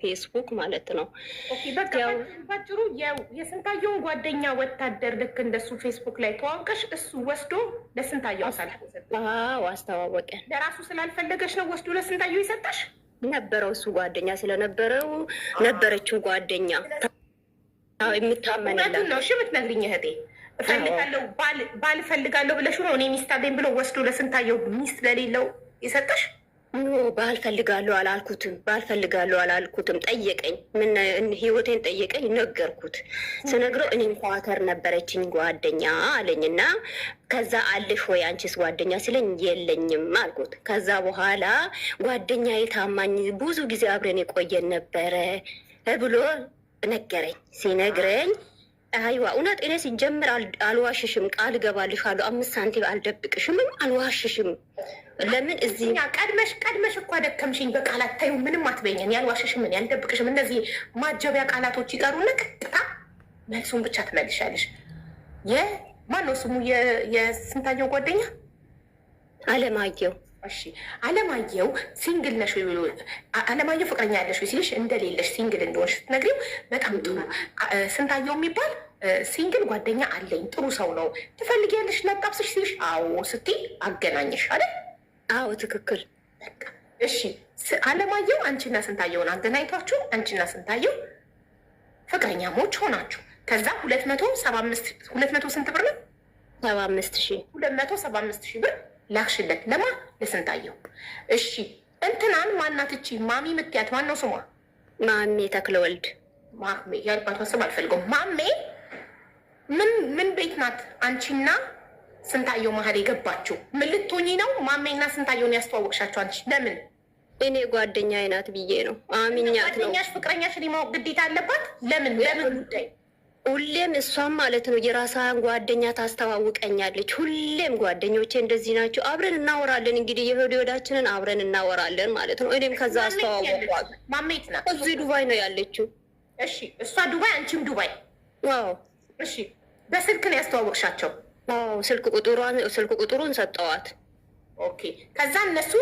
ፌስቡክ ማለት ነው። ባጭሩ የስንታየውን ጓደኛ ወታደር ልክ እንደሱ ፌስቡክ ላይ ተዋውቀሽ እሱ ወስዶ ለስንታየው አስተዋወቀ። ለራሱ ስላልፈለገች ነው ወስዶ ለስንታየው ይሰጠሽ ነበረው። እሱ ጓደኛ ስለነበረው ነበረችው ጓደኛ የምታመነለት ነው። እሺ የምትነግሪኝ እህቴ እፈልጋለሁ ባል እፈልጋለሁ ብለሽ ነው እኔ ሚስት አለኝ ብሎ ወስዶ ለስንታየው ሚስት ለሌለው ይሰጠሽ ኖ ባል አላልኩትም። ባል አላልኩትም። ጠየቀኝ፣ ምን ህይወቴን ጠየቀኝ፣ ነገርኩት። ስነግረው እኔም ኳተር ነበረችኝ ጓደኛ አለኝ እና ከዛ አለሽ ወይ አንቺስ ጓደኛ ሲለኝ የለኝም አልኩት። ከዛ በኋላ ጓደኛ የታማኝ ብዙ ጊዜ አብረን የቆየን ነበረ ብሎ ነገረኝ። ሲነግረኝ አይዋ እውነት እኔ ሲጀምር አልዋሽሽም፣ ቃል ገባልሽ አሉ አምስት ሳንቲም አልደብቅሽምም፣ አልዋሽሽም። ለምን እዚህ ቀድመሽ ቀድመሽ እኮ አደከምሽኝ በቃላት ታዩ ምንም አትበይኝም። ያልዋሽሽም ያልደብቅሽም፣ እነዚህ ማጀቢያ ቃላቶች ይቀሩና ቀጥታ መልሱን ብቻ ትመልሻለሽ። የማነው ስሙ የስንታየው ጓደኛ አለማየሁ እሺ አለማየሁ ሲንግል ነሽ ወይ ብሎ አለማየሁ ፍቅረኛ ያለሽ ወይ ሲልሽ እንደሌለሽ ሲንግል እንደሆንሽ ስትነግሪው በጣም ጥሩ። ስንታየው የሚባል ሲንግል ጓደኛ አለኝ ጥሩ ሰው ነው ትፈልጊያለሽ ላጣብስሽ ሲልሽ አዎ ስትይ አገናኘሽ አይደል? አዎ ትክክል። እሺ አለማየው አንቺና ስንታየውን አገናኝቷችሁ አንቺና ስንታየው ፍቅረኛሞች ሆናችሁ ከዛ ሁለት መቶ ሰባ አምስት ሁለት መቶ ስንት ብር ነው? ሰባ አምስት ሺህ ሁለት መቶ ሰባ አምስት ሺህ ብር ላክሽለት ለማ ለስንታየሁ። እሺ እንትናን ማናትቺ ማሚ ምትያት ማን ነው ስሟ? ማሜ ወልድ ማሜ ያልባቷ ስም አልፈልገው። ማሜ ምን ምን ቤት ናት? አንቺና ስንታየው መሀል የገባችው ምን ልትሆኚ ነው? ማሜና ስንታየውን ያስተዋወቅሻቸው አንቺ ለምን? እኔ ጓደኛዬ አይናት ብዬ ነው አሚኛት ነው። ጓደኛሽ ፍቅረኛሽ ማወቅ ግዴታ አለባት። ለምን ለምን ጉዳይ ሁሌም እሷም ማለት ነው የራሳን ጓደኛ ታስተዋውቀኛለች። ሁሌም ጓደኞቼ እንደዚህ ናቸው፣ አብረን እናወራለን። እንግዲህ የሆድ ወዳችንን አብረን እናወራለን ማለት ነው። እኔም ከዛ አስተዋወቋል። እዚህ ዱባይ ነው ያለችው። እሺ፣ እሷ ዱባይ፣ አንቺም ዱባይ። አዎ፣ እሺ። በስልክ ነው ያስተዋወቅሻቸው? አዎ፣ ስልክ ቁጥሯን ስልክ ቁጥሩን ሰጠዋት። ኦኬ። ከዛ እነሱ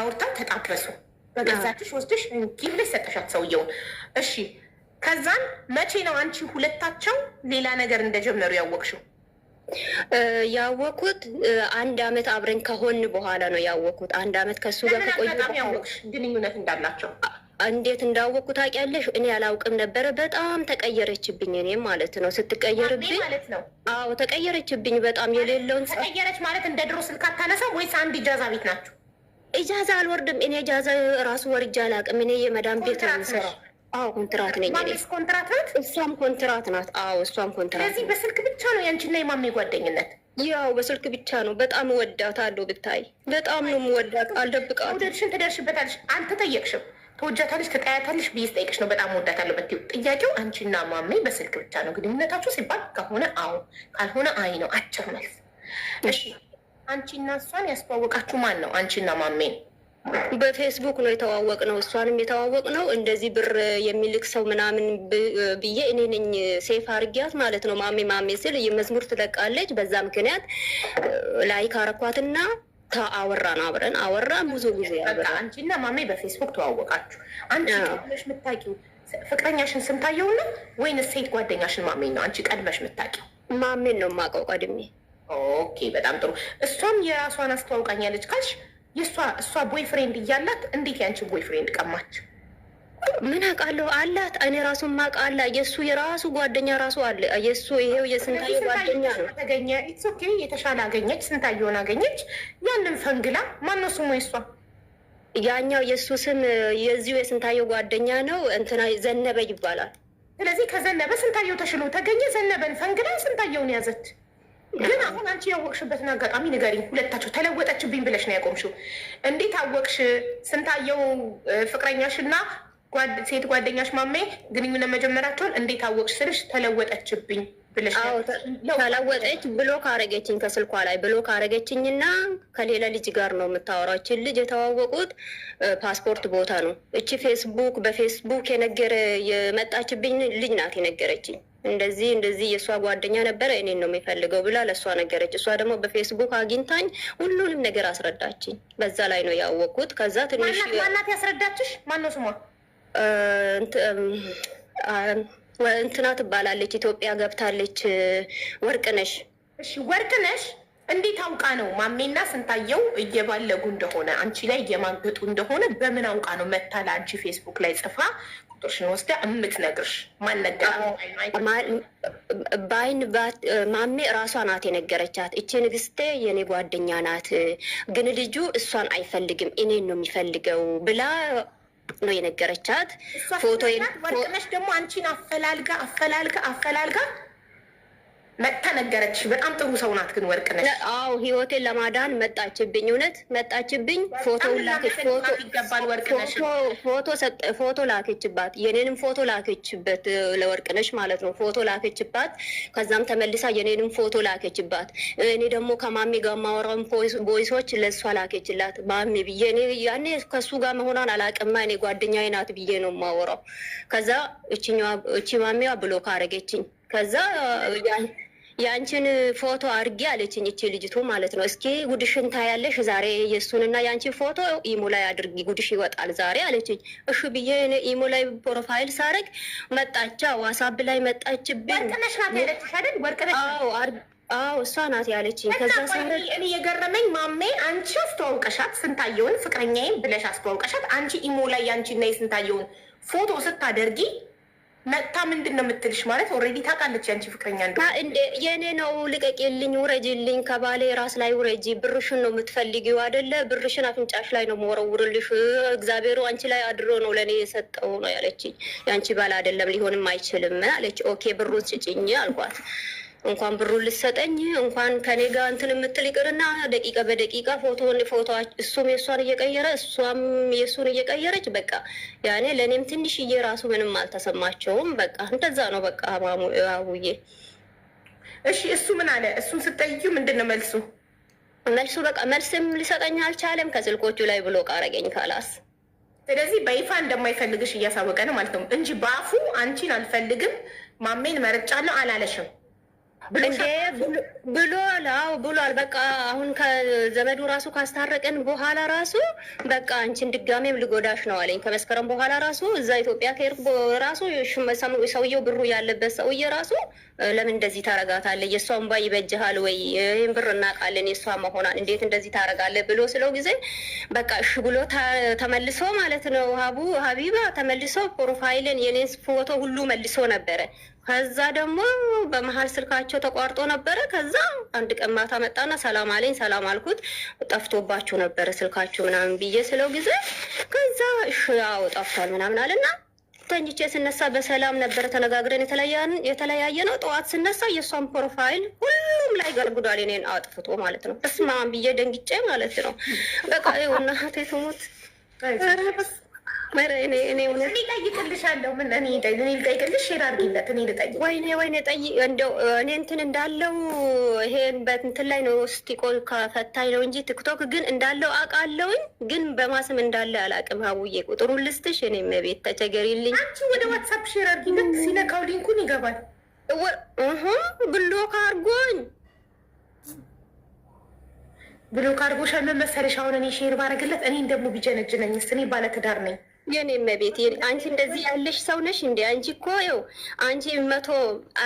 አውርታ ተጣበሱ። በገዛችሽ ወስድሽ ጊብለሽ ሰጠሻት ሰውየውን። እሺ ከዛን መቼ ነው አንቺ ሁለታቸው ሌላ ነገር እንደጀመሩ ያወቅሽው? ያወቅኩት አንድ አመት አብረን ከሆን በኋላ ነው ያወቅኩት። አንድ አመት ከሱ ጋር ከቆይ ግንኙነት እንዳላቸው እንዴት እንዳወቅኩ ታውቂያለሽ? እኔ አላውቅም ነበረ። በጣም ተቀየረችብኝ፣ እኔም ማለት ነው። ስትቀየርብኝ ማለት ነው። አዎ ተቀየረችብኝ በጣም የሌለውን። ተቀየረች ማለት እንደ ድሮ ስልክ አታነሳም ወይስ አንድ ኢጃዛ ቤት ናቸው? ኢጃዛ አልወርድም እኔ። ኢጃዛ ራሱ ወርጃ አላውቅም እኔ። የመዳም ቤት ነው የምሰራው አዎ ኮንትራት ነኝ። ማሚስ ኮንትራት ናት፣ እሷም ኮንትራት ናት። አዎ እሷም ኮንትራት። ስለዚህ በስልክ ብቻ ነው ያንቺና የማሜ ጓደኝነት? ያው በስልክ ብቻ ነው። በጣም እወዳታለሁ፣ ብታይ በጣም ነው የምወዳት። አልደብቃት። ውደድሽን ትደርሽበታለሽ። ጠየቅሽም ተወጃታለሽ፣ ተጠያታለሽ ብዬ ስጠይቅሽ ነው። በጣም እወዳታለሁ በትይው። ጥያቄው አንቺና ማሜ በስልክ ብቻ ነው ግንኙነታችሁ ሲባል ከሆነ አዎ፣ ካልሆነ አይ ነው አጭር መልስ። እሺ አንቺና እሷን ያስተዋወቃችሁ ማን ነው? አንቺና ማሜ በፌስቡክ ነው የተዋወቅ ነው። እሷንም የተዋወቅ ነው እንደዚህ ብር የሚልክ ሰው ምናምን ብዬ እኔ ነኝ ሴፍ አርጊያት ማለት ነው። ማሜ ማሜ ስል መዝሙር ትለቃለች። በዛ ምክንያት ላይክ አረኳትና አወራን፣ አብረን አወራን ብዙ ጊዜ አብረን። አንቺና ማሜ በፌስቡክ ተዋወቃችሁ። አንቺ ቀድመሽ የምታውቂው ፍቅረኛሽን ስንታየው ነው ወይንስ ሴት ጓደኛሽን ማሜን ነው? አንቺ ቀድመሽ የምታውቂው ማሜን ነው የማውቀው ቀድሜ። ኦኬ፣ በጣም ጥሩ። እሷም የራሷን አስተዋውቃኛለች ካልሽ የእሷ እሷ ቦይ ፍሬንድ እያላት እንዴት ያንቺ ቦይ ፍሬንድ ቀማች? ምን አውቃለሁ አላት። እኔ ራሱ ማቅ አለ የእሱ የራሱ ጓደኛ ራሱ አለ። የእሱ ይሄው የስንታየ ጓደኛ ነው ተገኘ። ኢትስ ኦኬ የተሻለ አገኘች፣ ስንታየውን አገኘች። ያንን ፈንግላ ማነው ስሙ የእሷ ያኛው የእሱ ስም የዚሁ የስንታየው ጓደኛ ነው እንትና ዘነበ ይባላል። ስለዚህ ከዘነበ ስንታየው ተሽሎ ተገኘ። ዘነበን ፈንግላ ስንታየውን ያዘች። ግን አሁን አንቺ ያወቅሽበትን አጋጣሚ ንገሪኝ። ሁለታቸው ተለወጠችብኝ ብለሽ ነው ያቆምሽው። እንዴት አወቅሽ? ስንታየው ፍቅረኛሽ እና ሴት ጓደኛሽ ማሜ ግንኙነት መጀመራቸውን እንዴት አወቅሽ ስልሽ ተለወጠችብኝ ተለወጠች ብሎ ካረገችኝ ከስልኳ ላይ ብሎ ካረገችኝ እና ከሌላ ልጅ ጋር ነው የምታወራችን ልጅ የተዋወቁት ፓስፖርት ቦታ ነው። እቺ ፌስቡክ በፌስቡክ የነገረ የመጣችብኝ ልጅ ናት የነገረችኝ እንደዚህ እንደዚህ የእሷ ጓደኛ ነበረ እኔን ነው የሚፈልገው ብላ ለእሷ ነገረች። እሷ ደግሞ በፌስቡክ አግኝታኝ ሁሉንም ነገር አስረዳችኝ። በዛ ላይ ነው ያወቅኩት። ከዛ ትንሽ ማናት ያስረዳችሽ? ማነው ስሟ? እንትና ትባላለች። ኢትዮጵያ ገብታለች። ወርቅነሽ። እሺ ወርቅነሽ እንዴት አውቃ ነው ማሜና ስንታየው እየባለጉ እንደሆነ አንቺ ላይ እየማገጡ እንደሆነ በምን አውቃ ነው መታ ለአንቺ ፌስቡክ ላይ ጽፋ ቁጥርሽን ወስደ የምትነግርሽ ማነጋ በአይን ማሜ እራሷ ናት የነገረቻት። እቺ ንግስቴ የኔ ጓደኛ ናት፣ ግን ልጁ እሷን አይፈልግም እኔን ነው የሚፈልገው ብላ ነው የነገረቻት። ፎቶ ወርቅነሽ ደግሞ አንቺን አፈላልጋ አፈላልጋ አፈላልጋ መጥታ ነገረች። በጣም ጥሩ ሰው ናት። ግን ነች። አዎ፣ ህይወቴን ለማዳን መጣችብኝ። እውነት መጣችብኝ። ፎቶ ፎቶ ላከችባት፣ የኔንም ፎቶ ላከችበት ነች ማለት ነው። ፎቶ ላከችባት። ከዛም ተመልሳ የኔንም ፎቶ ላከችባት። እኔ ደግሞ ከማሚ ጋር ማወራውን ቦይሶች ለእሷ ላከችላት። ማሚ ብዬ ያኔ ከሱ ጋር መሆኗን አላቅማ እኔ ጓደኛዬ ናት ብዬ ነው ማወራው። ከዛ እቺ ማሚዋ ብሎክ አረገችኝ። ከዛ የአንቺን ፎቶ አድርጌ አለችኝ፣ እቺ ልጅቱ ማለት ነው። እስኪ ጉድሽን ታያለሽ ዛሬ የእሱንና የአንቺን ፎቶ ኢሞ ላይ አድርጊ ጉድሽ ይወጣል ዛሬ አለችኝ። እሺ ብዬ ኢሞ ላይ ፕሮፋይል ሳረግ መጣቻ፣ ዋሳብ ላይ መጣችብኝ። ወርቅነሽ አዎ እሷ ናት ያለችኝ። ከዛ ሳረግ የገረመኝ ማሜ፣ አንቺ አስተዋውቀሻት ስንታየውን ፍቅረኛዬን ብለሽ አስተዋውቀሻት። አንቺ ኢሞ ላይ የአንቺና የስንታየውን ፎቶ ስታደርጊ መጥታ ምንድን ነው የምትልሽ? ማለት ኦልሬዲ ታውቃለች ያንቺ ፍቅረኛ እንደ የእኔ ነው ልቀቂልኝ፣ ውረጅልኝ፣ ከባሌ ራስ ላይ ውረጂ። ብርሽን ነው የምትፈልጊው አይደለ? ብርሽን አፍንጫሽ ላይ ነው መወረውርልሽ። እግዚአብሔሩ አንቺ ላይ አድሮ ነው ለእኔ የሰጠው ነው ያለችኝ። ያንቺ ባል አይደለም ሊሆንም አይችልም አለች። ኦኬ ብሩን ስጭኝ አልኳት። እንኳን ብሩ ልሰጠኝ እንኳን ከኔ ጋር እንትን የምትል ይቅርና ደቂቃ በደቂቃ ፎቶ ፎቶ እሱም የእሷን እየቀየረ እሷም የእሱን እየቀየረች በቃ ያኔ ለእኔም ትንሽዬ ራሱ ምንም አልተሰማቸውም። በቃ እንደዛ ነው። በቃ አቡዬ እሺ። እሱ ምን አለ? እሱን ስጠይቂው ምንድን ነው መልሱ? መልሱ በቃ መልስም ሊሰጠኝ አልቻለም። ከስልኮቹ ላይ ብሎ ቃረገኝ ካላስ ስለዚህ በይፋ እንደማይፈልግሽ እያሳወቀ ነው ማለት ነው እንጂ በአፉ አንቺን አልፈልግም ማሜን መርጫለሁ አላለሽም። እንዴ ብሏል። አዎ ብሏል። በቃ አሁን ከዘመዱ ራሱ ካስታረቀን በኋላ ራሱ በቃ አንቺን ድጋሜም ልጎዳሽ ነው አለኝ። ከመስከረም በኋላ ራሱ እዛ ኢትዮጵያ ከሄድኩ ራሱ ሰውየው ብሩ ያለበት ሰውዬ ራሱ ለምን እንደዚህ ታረጋታለህ? የእሷ እንባ ይበጅሃል ወይ? ይህን ብር እናውቃለን የእሷ መሆኗን እንዴት እንደዚህ ታረጋለህ ብሎ ስለው ጊዜ በቃ እሺ ብሎ ተመልሶ ማለት ነው ሀቡ ሀቢባ ተመልሶ ፕሮፋይልን የኔን ፎቶ ሁሉ መልሶ ነበረ ከዛ ደግሞ በመሀል ስልካቸው ተቋርጦ ነበረ። ከዛ አንድ ቀን ማታ መጣና ሰላም አለኝ። ሰላም አልኩት። ጠፍቶባቸው ነበረ ስልካቸው ምናምን ብዬ ስለው ጊዜ ከዛ እሺ ያው ጠፍቷል ምናምን አለና ተኝቼ ስነሳ በሰላም ነበረ ተነጋግረን የተለያየ ነው። ጠዋት ስነሳ የእሷን ፕሮፋይል ሁሉም ላይ ገልግዷል፣ እኔን አጥፍቶ ማለት ነው። እስማን ብዬ ደንግጬ ማለት ነው። በቃ ይኸው እናቴ ትሙት ጠይቅልሻለሁ። ወይኔ ወይኔ፣ ጠይቅ እንደው እኔ እንትን እንዳለው ይሄን በእንትን ላይ ነው እስቲ ቆይ ከፈታኝ ነው እንጂ ቲክቶክ ግን እንዳለው አውቃለሁኝ፣ ግን በማስም እንዳለ አላውቅም። ሀቡዬ ቁጥሩ ልስትሽ እኔ መቤት ተቸገሪልኝ። አንቺ ወደ ዋትሳፕ ሼር አድርጊለት። ሲነካው ሊንኩን ይገባል። ብሎክ አድርጎኝ ብሎክ አድርጎሻል። ምን መሰለሽ አሁን እኔ ሼር ባረግለት እኔን ደግሞ ቢጀነጅነኝ ስኔ ባለትዳር ነኝ የኔ መቤት አንቺ እንደዚህ ያለሽ ሰው ነሽ እንዴ? አንቺ እኮ ይኸው አንቺ መቶ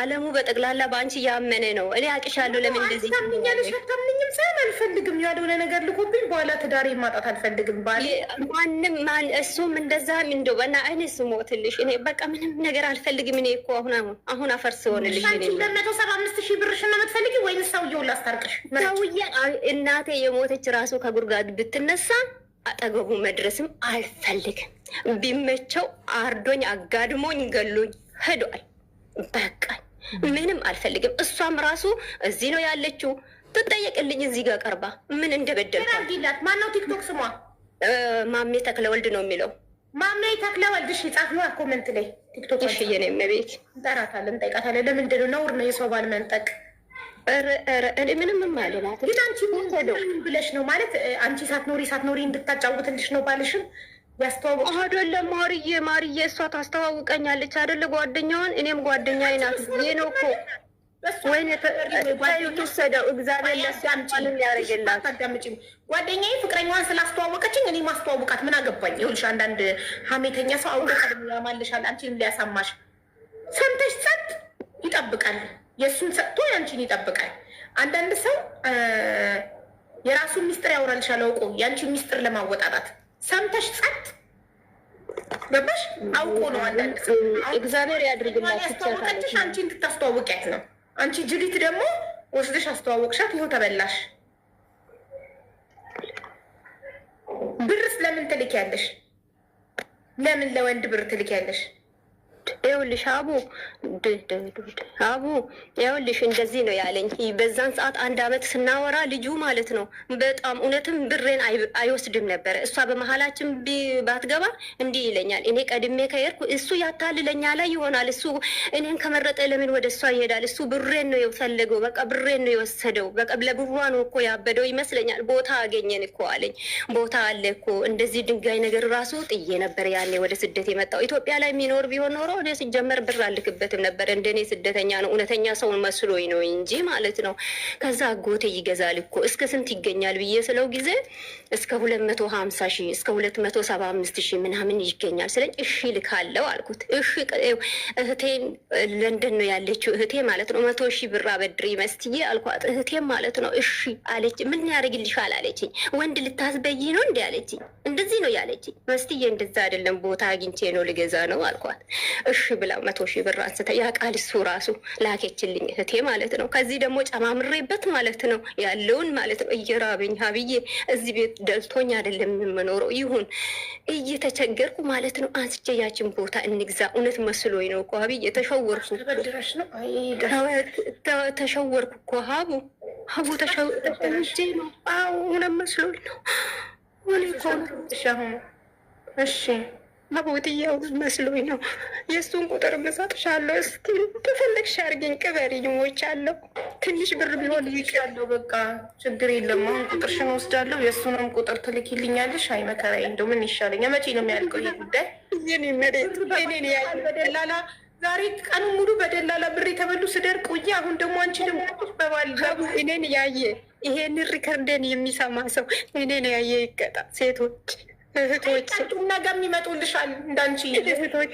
አለሙ በጠቅላላ በአንቺ እያመነ ነው። እኔ አቅሻለሁ። ለምን እንደዚህ ታምኛለሽ? አታምኝም? ሰም አልፈልግም። ያልሆነ ነገር ልኮብኝ በኋላ ትዳሬ ማጣት አልፈልግም። ባል ማንም ማን እሱም እንደዛም እንደው በና እኔ ስሞትልሽ እኔ በቃ ምንም ነገር አልፈልግም። እኔ እኮ አሁን አሁን አሁን አፈር ስሆንልሽ ለመቶ ሰባ አምስት ሺህ ብርሽ ነው የምትፈልጊ ወይም ሰውየውን ላስታርቅሽ? ሰውዬ እናቴ የሞተች ራሱ ከጉርጋድ ብትነሳ አጠገቡ መድረስም አልፈልግም። ቢመቸው አርዶኝ አጋድሞኝ ገሎኝ ሄዷል። በቃኝ፣ ምንም አልፈልግም። እሷም ራሱ እዚህ ነው ያለችው፣ ትጠየቅልኝ እዚህ ጋር ቀርባ ምን እንደበደልኩላት። ማነው ቲክቶክ ስሟ? ማሜ ተክለወልድ ነው የሚለው። ማሜ ተክለወልድ እሺ፣ ጻፍነዋ ኮመንት ላይ ቲክቶክ ሽየነ ቤት እንጠራታለን፣ እንጠይቃታለን። ለምንድን ነው ነውር ነው የሰው ባል መንጠቅ? ምንም አልላት ግን ብለሽ ነው ማለት አንቺ ሳትኖሪ ሳትኖሪ እንድታጫውትልሽ ነው ባልሽም ያስተዋወቅ ማርዬ ማርዬ እሷ ታስተዋውቀኛለች አይደለ? ጓደኛዋን እኔም ጓደኛዬ ናት። ይሄ ነው እኮ ወይኔ ተወሰደው። እግዚአብሔር ያደረገላት ጓደኛዬ ፍቅረኛዋን ስላስተዋወቀችኝ እኔ ማስተዋወቃት ምን አገባኝ? ይኸውልሽ አንዳንድ ሀሜተኛ ሰው አውቀ ቀድሞ ያማልሻል፣ አንቺንም ሊያሳማሽ ሰምተሽ ጸጥ ይጠብቃል። የእሱን ሰጥቶ ያንቺን ይጠብቃል። አንዳንድ ሰው የራሱን ሚስጥር ያወራልሻል አውቆ ያንቺን ሚስጥር ለማወጣጣት ሰምተሽ ጸጥ ገባሽ? አውቆ ነው። አንዳንድ ሰው እግዚአብሔር ያድርግላችሁ አንቺ እንድታስተዋውቂያት ነው። አንቺ ጅሊት ደግሞ ወስደሽ አስተዋወቅሻት፣ ይኸው ተበላሽ። ብርስ ለምን ትልኪያለሽ? ለምን ለወንድ ብር ትልኪያለሽ? ይኸውልሽ አቡ አቡ ይኸውልሽ እንደዚህ ነው ያለኝ። በዛን ሰዓት አንድ አመት ስናወራ ልጁ ማለት ነው በጣም እውነትም ብሬን አይወስድም ነበረ። እሷ በመሀላችን ባትገባ እንዲህ ይለኛል። እኔ ቀድሜ ከሄድኩ እሱ ያታልለኛ ላይ ይሆናል። እሱ እኔን ከመረጠ ለምን ወደ እሷ ይሄዳል? እሱ ብሬን ነው የፈለገው። በቃ ብሬን ነው የወሰደው። በቃ ለብሯ ነው እኮ ያበደው ይመስለኛል። ቦታ አገኘን እኮ አለኝ። ቦታ አለ እኮ እንደዚህ ድንጋይ ነገር ራሱ ጥዬ ነበር ያኔ ወደ ስደት የመጣው ኢትዮጵያ ላይ የሚኖር ቢሆን ኖሮ እኔ ሲጀመር ብር አልክበትም ነበር። እንደኔ ስደተኛ ነው እውነተኛ ሰውን መስሎኝ ነው እንጂ ማለት ነው። ከዛ አጎቴ ይገዛል እኮ እስከ ስንት ይገኛል ብዬ ስለው ጊዜ እስከ ሁለት መቶ ሀምሳ ሺ እስከ ሁለት መቶ ሰባ አምስት ሺ ምናምን ይገኛል ስለኝ፣ እሺ ልካለው አልኩት። እሺ እህቴን ለንደን ነው ያለችው እህቴ ማለት ነው። መቶ ሺ ብር አበድሪ መስትዬ አልኳት። እህቴም ማለት ነው እሺ አለች። ምን ያደርግልሻል አለችኝ። ወንድ ልታስበይ ነው እንዲ አለችኝ። እንደዚህ ነው ያለችኝ። መስትዬ እንደዛ አይደለም ቦታ አግኝቼ ነው ልገዛ ነው አልኳት። እሺ ብላ መቶ ሺህ ብር አንስታ ያ ቃል እሱ ራሱ ላኬችልኝ እህቴ ማለት ነው። ከዚህ ደግሞ ጨማምሬበት ማለት ነው ያለውን ማለት ነው እየራበኝ ሀብዬ እዚህ ቤት ደልቶኝ አይደለም የምኖረው ይሁን እየተቸገርኩ ማለት ነው አንስቼ ያችን ቦታ እንግዛ እውነት መስሎኝ ነው እኮ ሀብዬ ተሸወርኩ ተሸወርኩ እኮ ሀቡ ሀቡ ተሸውጄ ነው እውነት መስሎኝ ነው። እሺ አቦትዬው መስሎኝ ነው። የእሱን ቁጥር መሳጥሻለሁ። እስቲ ከፈለግሽ አድርጊኝ፣ ቅበሪኝ። ሞቻለሁ ትንሽ ብር ቢሆን ይቅያለሁ። በቃ ችግር የለም። አሁን ቁጥርሽን ወስዳለሁ። የእሱንም ቁጥር ትልኪልኛለሽ። አይ መከራዬ፣ እንደው ምን ይሻለኛል? መቼ ነው የሚያልቀው ይህ ጉዳይ? በደላላ ዛሬ ቀኑ ሙሉ በደላላ ብር የተበሉ ስደርቅ ውዬ፣ አሁን ደግሞ አንቺ ደግሞ በባል እኔን ያየ ይሄንን ሪከርደን የሚሰማ ሰው እኔን ያየ ይቀጣ ሴቶች ነገ የሚመጡልሻል እንዳንቺ እህቶች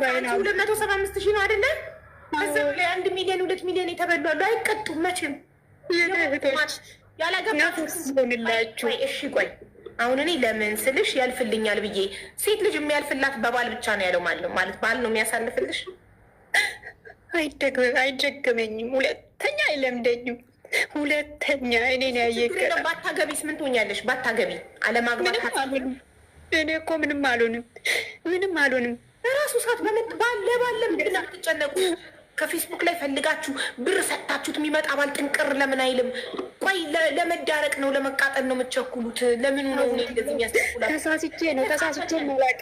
ባይና ሁለት መቶ ሰባ አምስት ነው ላይ አንድ ሚሊዮን ሁለት ሚሊዮን የተበሉ አሉ። አይቀጡም መቼም ያላገባሆንላችሁ። እሺ ቆይ አሁን እኔ ለምን ስልሽ ያልፍልኛል ብዬ ሴት ልጅ የሚያልፍላት በባል ብቻ ነው ያለው ማለት ማለት ባል ነው የሚያሳልፍልሽ። አይደግመኝም፣ ሁለተኛ አይለምደኝም ሁለተኛ እኔን ያየቀ ባታገቢስ ምን ትሆኛለሽ? ባታገቢ አለማግባት እኔ እኮ ምንም አልሆንም፣ ምንም አልሆንም። ራሱ ሰዓት ባለ ባለ ምድና ትጨነቁ ከፌስቡክ ላይ ፈልጋችሁ ብር ሰጥታችሁት የሚመጣ ባል ጥንቅር ለምን አይልም? ቆይ ለመዳረቅ ነው ለመቃጠል ነው የምትቸኩሉት? ለምኑ ነው ተሳስቼ ነው ተሳስቼ መላቅ ላቅ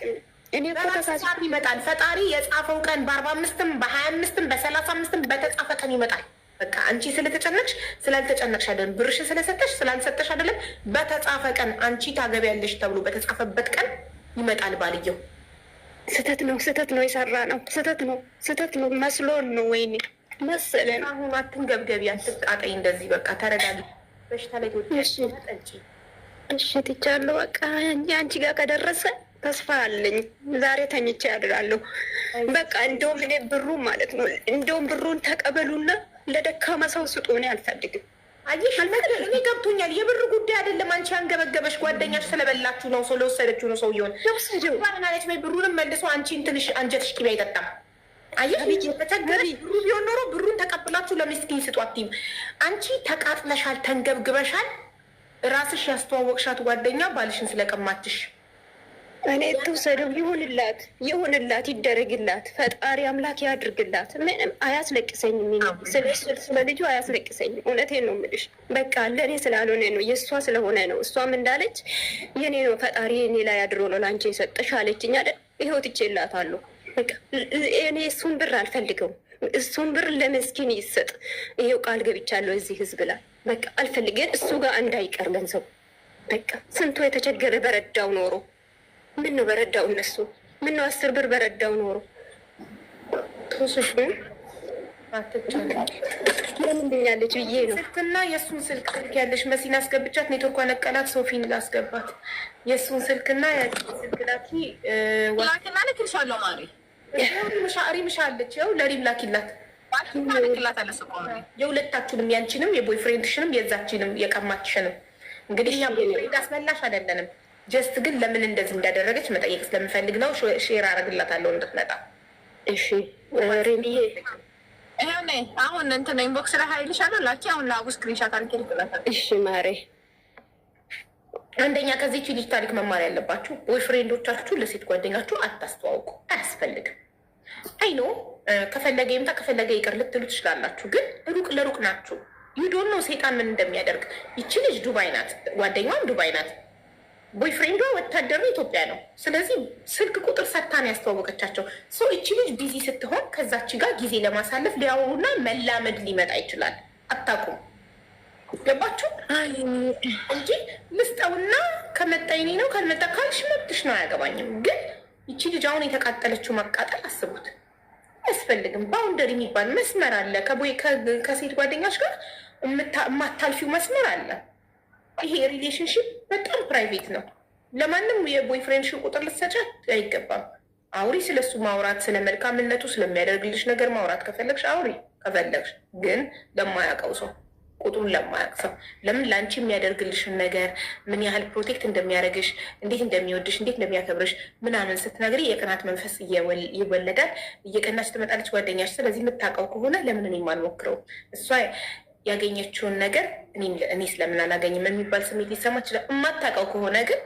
እኔ እኮ ተሳስቼ ይመጣል። ፈጣሪ የጻፈው ቀን በአርባ አምስትም በሀያ አምስትም በሰላሳ አምስትም በተጻፈ ቀን ይመጣል። በቃ አንቺ ስለተጨነቅሽ ስላልተጨነቅሽ አይደለም፣ ብርሽ ስለሰጠሽ ስላልሰጠሽ አይደለም። በተጻፈ ቀን አንቺ ታገቢያለሽ ተብሎ በተጻፈበት ቀን ይመጣል ባልየው። ስህተት ነው፣ ስህተት ነው፣ የሰራ ነው፣ ስህተት ነው፣ ስህተት ነው መስሎን ነው። ወይኔ መሰለን። አሁን አትንገብገቢ፣ አትቃጠይ፣ እንደዚህ በቃ ተረጋጊ። በሽታ ላይ ጠጪ። እሺ ትቻለሁ። በቃ አንቺ ጋር ከደረሰ ተስፋ አለኝ። ዛሬ ተኝቼ ያድራለሁ። በቃ እንደውም እኔ ብሩ ማለት ነው እንደውም ብሩን ተቀበሉና ለደካማ ሰው ስጡ። እኔ አልፈልግም። አየሽ እኔ ገብቶኛል። የብር ጉዳይ አይደለም። አንቺ አንገበገበሽ ጓደኛሽ ስለበላችሁ ነው፣ ሰው ለወሰደችው ነው። ሰው ሰውየውን ባለናለች ወይ ብሩንም መልሶ አንቺን ትንሽ አንጀትሽ ቅቤ አይጠጣም። አየሽ ተቸገረ ብሩ ቢሆን ኖሮ ብሩን ተቀብላችሁ ለምስኪን ስጧትም። አንቺ ተቃጥለሻል፣ ተንገብግበሻል። ራስሽ ያስተዋወቅሻት ጓደኛ ባልሽን ስለቀማችሽ እኔ ተውሰደው ይሁንላት፣ ይሁንላት፣ ይደረግላት። ፈጣሪ አምላክ ያድርግላት። ምንም አያስለቅሰኝም። ስለ ልጁ አያስለቅሰኝም። እውነቴን ነው የምልሽ። በቃ ለእኔ ስላልሆነ ነው የእሷ ስለሆነ ነው። እሷም እንዳለች የኔ ነው ፈጣሪ የኔ ላይ አድሮ ነው ለአንቺ የሰጠሽ አለችኝ አይደል? ይኸው ትቼላታለሁ። በቃ እኔ እሱን ብር አልፈልገውም። እሱን ብር ለመስኪን ይሰጥ። ይሄው ቃል ገብቻለሁ እዚህ ህዝብ ላይ በቃ አልፈልገን እሱ ጋር እንዳይቀር ገንዘቡ በቃ ስንቶ የተቸገረ በረዳው ኖሮ ምን ነው በረዳው እነሱ ምን ነው አስር ብር በረዳው ኖሮ ሶስት ብዬ ነው ስልክና የእሱን ስልክ ስልክ ያለች መሲን አስገብቻት ኔትወርክ ነቀላት። ሶፊን ላስገባት የእሱን ስልክና ስልክ ላኪ ላኪና ልክልሻለሁ። ማሪ ሻሪ ምሻ አለች ው ለሪም ላኪላት የሁለታችሁንም ያንችንም የቦይፍሬንድሽንም የዛችንም የቀማችሽንም እንግዲህ እኛ ቦይፍሬንድ አስመላሽ አይደለንም። ጀስት ግን ለምን እንደዚህ እንዳደረገች መጠየቅ ስለምፈልግ ነው። ሼር አረግላታለሁ እንድትመጣ። እሺ ሬንዬ አሁን እንትን ኢንቦክስ ላይ ሀይልሻለሁ ላኪ። አሁን ለአቡ ስክሪንሻት አድርጌ ልክላታለሁ። እሺ ማሬ አንደኛ ከዚህች ልጅ ታሪክ መማር ያለባችሁ ወይ ፍሬንዶቻችሁ ለሴት ጓደኛችሁ አታስተዋውቁ፣ አያስፈልግም። አይኖ ከፈለገ ይምታ ከፈለገ ይቅር ልትሉ ትችላላችሁ፣ ግን ሩቅ ለሩቅ ናችሁ። ዩ ነው ሴጣን ምን እንደሚያደርግ። ይቺ ልጅ ዱባይ ናት፣ ጓደኛዋም ዱባይ ናት። ቦይፍሬንዷ ወታደሩ ኢትዮጵያ ነው። ስለዚህ ስልክ ቁጥር ሰታን ያስተዋወቀቻቸው ሰው እቺ ልጅ ቢዚ ስትሆን ከዛች ጋር ጊዜ ለማሳለፍ ሊያወሩና መላመድ ሊመጣ ይችላል። አታቁም ገባችሁ እንጂ ምስጠውና ከመጣ የኔ ነው ካልመጣ ካልሽ መብትሽ ነው፣ አያገባኝም። ግን ይቺ ልጅ አሁን የተቃጠለችው ማቃጠል አስቡት። አያስፈልግም። ባውንደሪ የሚባል መስመር አለ። ከሴት ጓደኛች ጋር የማታልፊው መስመር አለ። ይሄ ሪሌሽንሽፕ በጣም ፕራይቬት ነው። ለማንም የቦይፍሬንድሽን ቁጥር ልትሰጫት አይገባም። አውሪ፣ ስለሱ ማውራት ስለ መልካምነቱ ስለሚያደርግልሽ ነገር ማውራት ከፈለግሽ አውሪ። ከፈለግሽ ግን ለማያውቀው ሰው ቁጥሩን ለማያውቅ ሰው ለምን ለአንቺ የሚያደርግልሽን ነገር ምን ያህል ፕሮቴክት እንደሚያደርግሽ እንዴት እንደሚወድሽ እንዴት እንደሚያከብርሽ ምናምን ስትነግሪ የቅናት መንፈስ ይወለዳል። እየቀናች ትመጣለች ጓደኛሽ። ስለዚህ የምታውቀው ከሆነ ለምን እኔ ማንሞክረው እሷ ያገኘችውን ነገር እኔ ስለምን አላገኝም የሚባል ስሜት ሊሰማ ይችላል። የማታውቀው ከሆነ ግን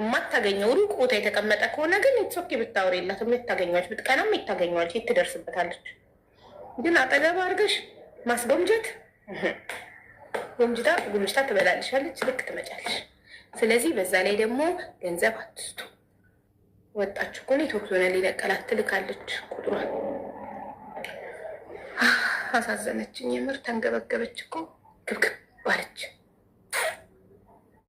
የማታገኘው ሩቅ ቦታ የተቀመጠ ከሆነ ግን ሶኬ ብታወር የላትም የታገኘዋለች፣ ብትቀናም የታገኘዋለች፣ የት ትደርስበታለች። ግን አጠገብ አድርገሽ ማስጎምጀት ጎምጅታ ጉምጅታ ትበላልሻለች፣ ልክ ትመጫለሽ። ስለዚህ በዛ ላይ ደግሞ ገንዘብ አትስቱ። ወጣችሁ ኮን ኔትወርክ ሊለቀላት ትልካለች ቁጥሯል አሳዘነችኝ። የምር ተንገበገበች እኮ ግብግብ አለች።